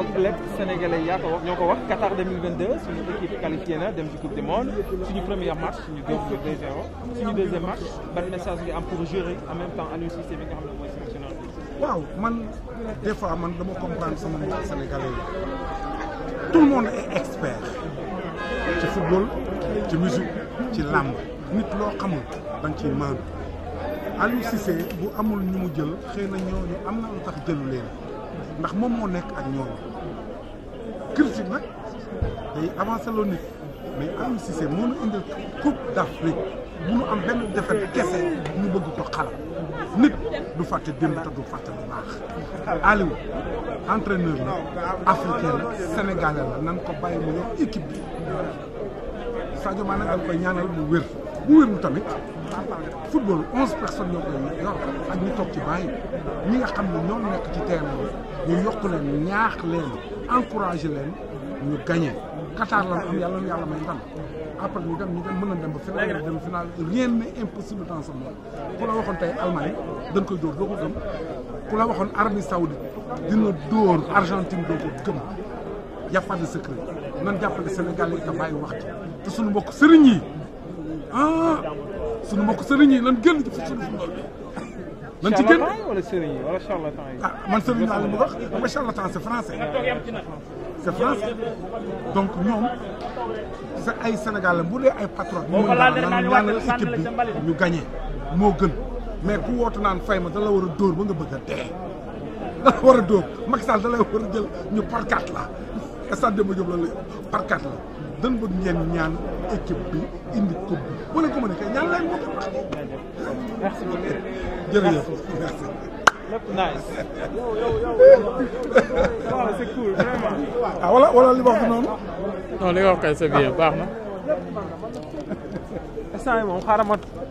ginnaaw lépp sénégalais yaa ñoo ko wax Qatar 2022 suñu équipe qualifiée na dem ci coupe du monde suñu première match suñu deux ñu deux zéro waaw man des fois man dama comprendre sama mbokk sénégalais yi tout le monde ci football ci musique nit loo xamul dañ ciy maandu Aliou bu amul ñu mu jël xëy na ñooñu am na lu tax jëlu leen ndax moom moo nekk ak ñoom critique nag day avancé loo nit mais Aliou Cissé moo nu indil coupe d'Afrique bu nu am benn defet kese ñu bëgg ko xalam nit du fàtte démb te du fàtte lu baax Aliou entraîneur la africain la sénégalais la nan ko bàyyi mu yor équipe bi Sadio Mané nag dañ koy ñaanal mu wér bu wér mu tamit football onze personnes ñoo koy yor ak ñu toog ci bàyyi ñi nga xam ñoom nekk ci terrain ñu yokk leen ñaax leen encouragé leen ñu gagné Qatar la am yàlla yàlla may ndam après ñu dem ñu dem mën a dem ba final dem final rien n'est impossible dans ce ku la waxoon tey Allemagne dañ koy dóor doo ko gëm ku la waxoon Arabie Saoudite dina dóor Argentine doo ko gëm y a pas de secret nan jàppale Sénégal yi te bàyyi wax ci te suñu mbokk suñu mbokk sëriñ yi lan génn ci suñu football ah, man sëriñ laa leen wax xam nga charlatan c'est français. c'est donc ñoom sa ay Sénégal la bu dee ay patron. ñu ñaanal équipe bi ñu gagné moo gën. mais ku wootu naan fay ma da la war a dóor ba nga bëgg a dee. da la war a dóor Macky Sall da a jël ñu parkat la. stade Demba Diop lan la par quatre la dañ bëgg ngeen ñaan équipe bi indi coupe bi bu leen kay ñaan leen ko. merci beaucoup ah wala wala li wax noonu. non li wax kay c'est baax na. instant yii moom xaaral